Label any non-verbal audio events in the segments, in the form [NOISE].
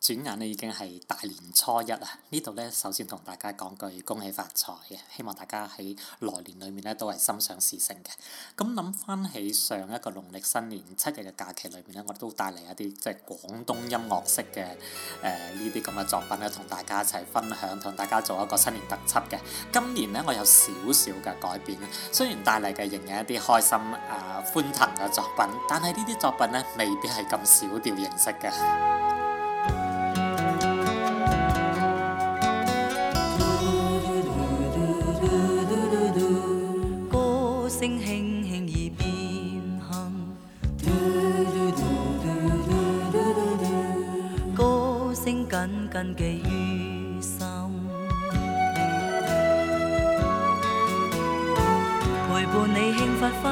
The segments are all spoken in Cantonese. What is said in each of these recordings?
轉眼咧已經係大年初一啦！呢度咧首先同大家講句恭喜發財嘅，希望大家喺來年裏面咧都係心想事成嘅。咁諗翻起上一個農曆新年七日嘅假期裏面咧，我都帶嚟一啲即係廣東音樂式嘅誒呢啲咁嘅作品咧，同大家一齊分享，同大家做一個新年特輯嘅。今年咧我有少少嘅改變啦，雖然帶嚟嘅仍有一啲開心啊歡騰嘅作品，但係呢啲作品咧未必係咁小調形式嘅。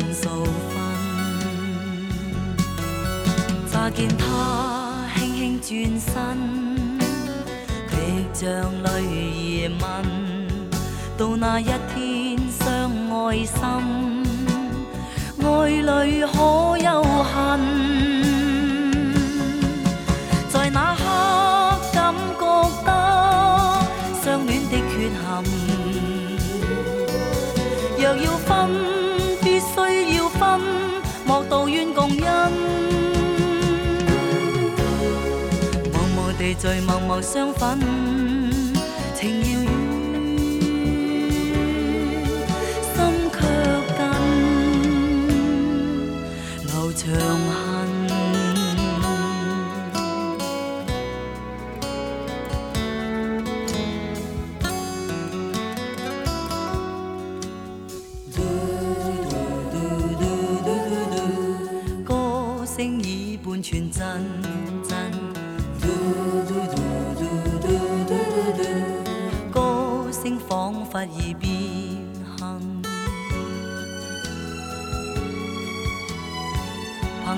分，乍見他輕輕轉身，卻像淚兒問：到那一天，相愛心，愛侶可有恨？茫茫霜粉，情遙遠，心卻近，流長。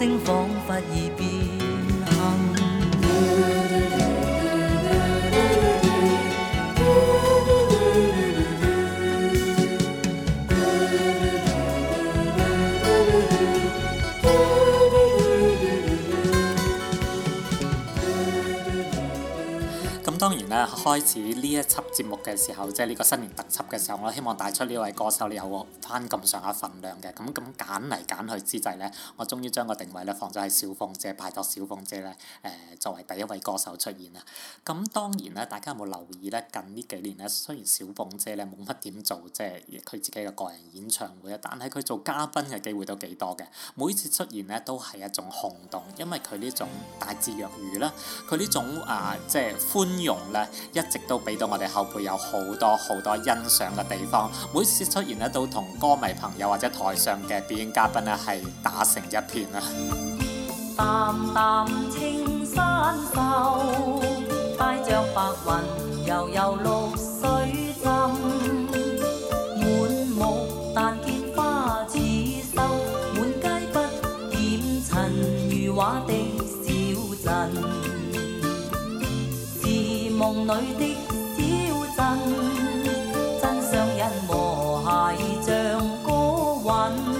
聲彷彿已變。 [NOISE] 當然啦，開始呢一輯節目嘅時候，即係呢個新年特輯嘅時候，我希望帶出呢位歌手，你有返咁上下份量嘅。咁咁揀嚟揀去之際咧，我終於將個定位咧放咗喺小鳳姐，拜託小鳳姐咧誒、呃、作為第一位歌手出現啦。咁當然咧，大家有冇留意咧？近呢幾年咧，雖然小鳳姐咧冇乜點做，即係佢自己嘅個人演唱會啊，但係佢做嘉賓嘅機會都幾多嘅。每次出現咧都係一種轟動，因為佢呢種大智若愚啦，佢呢種啊、呃、即係寬容。咧一直都俾到我哋後輩有好多好多欣賞嘅地方，每次出現咧都同歌迷朋友或者台上嘅表演嘉賓咧係打成一片啊！淡淡青山秀，快着白雲悠悠綠水浸，水鄉里的小鎮，真上因和諧，像歌韻。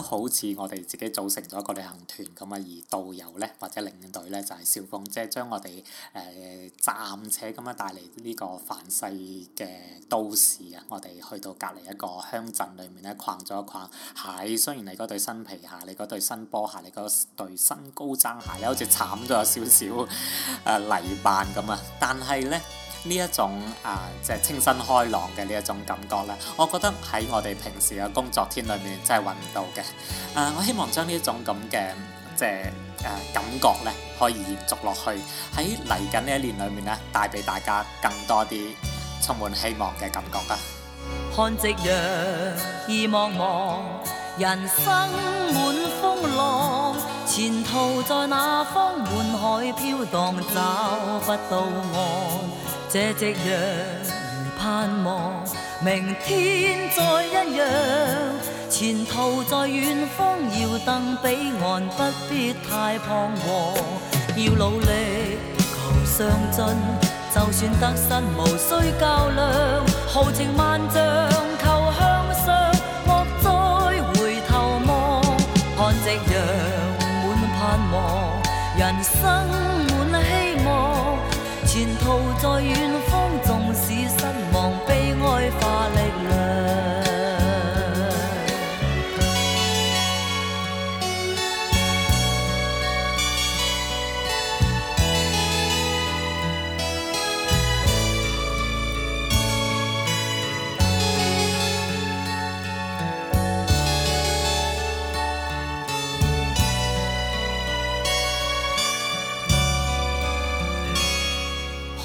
好似我哋自己組成咗一個旅行團咁啊，而導遊呢，或者領隊呢，就係小鳳，即係將我哋誒、呃、暫且咁啊帶嚟呢個繁世嘅都市啊。我哋去到隔離一個鄉鎮裏面咧逛咗一逛，係雖然你嗰對新皮鞋、你嗰對新波鞋、你嗰對新高踭鞋咧好似慘咗少少誒泥扮咁啊，但係呢。呢一種啊，即係清新開朗嘅呢一種感覺咧，我覺得喺我哋平時嘅工作天裏面真係揾唔到嘅。誒、啊，我希望將呢一種咁嘅即係誒、啊、感覺咧，可以延續落去喺嚟緊呢一年裏面咧，帶俾大家更多啲充滿希望嘅感覺啊！看夕陽意茫茫，人生滿風浪，前途在那方，滿海飄蕩找不到岸。這夕陽盼望明天再一樣，前途在遠方要登彼岸，不必太彷徨。要努力求上進，就算得失無需較量，豪情萬丈。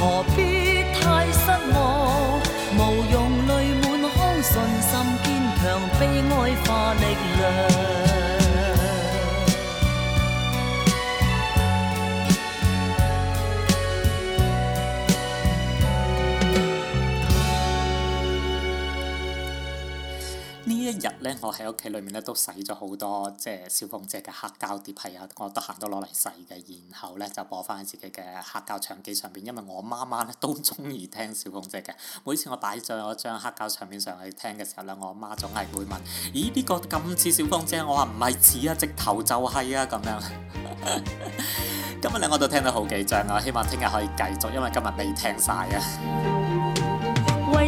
何必太失望，無用淚滿腔，信心堅強，悲哀化力量。日咧，我喺屋企裏面咧都洗咗好多，即係小鳳姐嘅黑膠碟係啊，我得閒都攞嚟洗嘅。然後咧就播翻喺自己嘅黑膠唱機上邊，因為我媽媽咧都中意聽小鳳姐嘅。每次我擺咗一張黑膠唱片上去聽嘅時候咧，我媽總係會問：咦，呢、邊個咁似小鳳姐？我話唔係似啊，直頭就係啊，咁樣。 [LAUGHS] 今日咧我都聽到好幾張啊，我希望聽日可以繼續，因為今日未聽晒啊。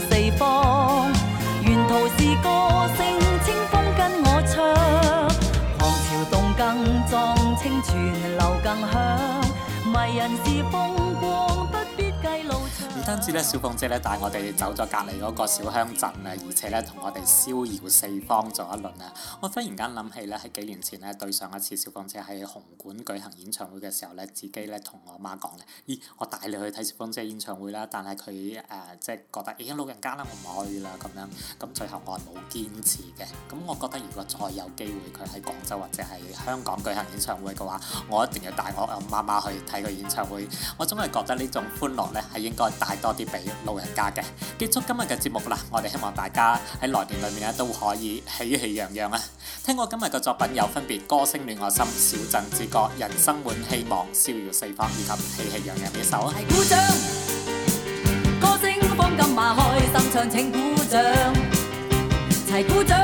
四方，沿途是歌聲，清風跟我唱，狂潮動更壯，清泉流更響，迷人是風。唔單止咧，小鳳姐咧帶我哋走咗隔離嗰個小鄉鎮啊，而且咧同我哋逍遙四方咗一輪啊！我忽然間諗起咧，喺幾年前咧對上一次小鳳姐喺紅館舉行演唱會嘅時候咧，自己咧同我媽講咧：咦，我帶你去睇小鳳姐演唱會啦！但係佢誒即係覺得已經、欸、老人家啦，我唔可以啦咁樣。咁最後我係冇堅持嘅。咁我覺得如果再有機會佢喺廣州或者係香港舉行演唱會嘅話，我一定要帶我阿媽媽去睇個演唱會。我總係覺得呢種歡樂咧係應該。帶多啲俾老人家嘅。結束今日嘅節目啦！我哋希望大家喺來年裏面咧都可以喜氣洋洋啊！聽我今日嘅作品有分別：歌聲暖我心、小鎮之歌、人生滿希望、逍遙四方以及喜氣洋洋呢首。齊鼓掌！歌聲放金馬，開心唱，請鼓掌。齊鼓掌，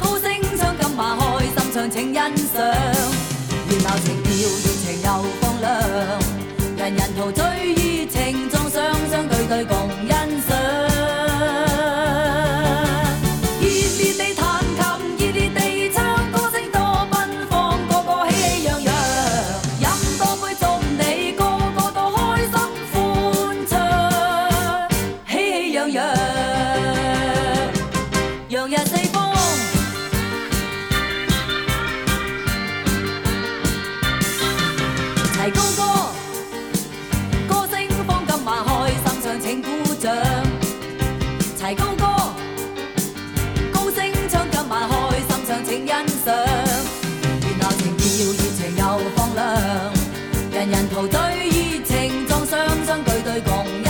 高聲唱金馬，開心唱，請欣賞。熱鬧情調，熱情又。人陶醉於情中，雙雙對對共欣賞。人陶醉於情撞上，雙雙對對共。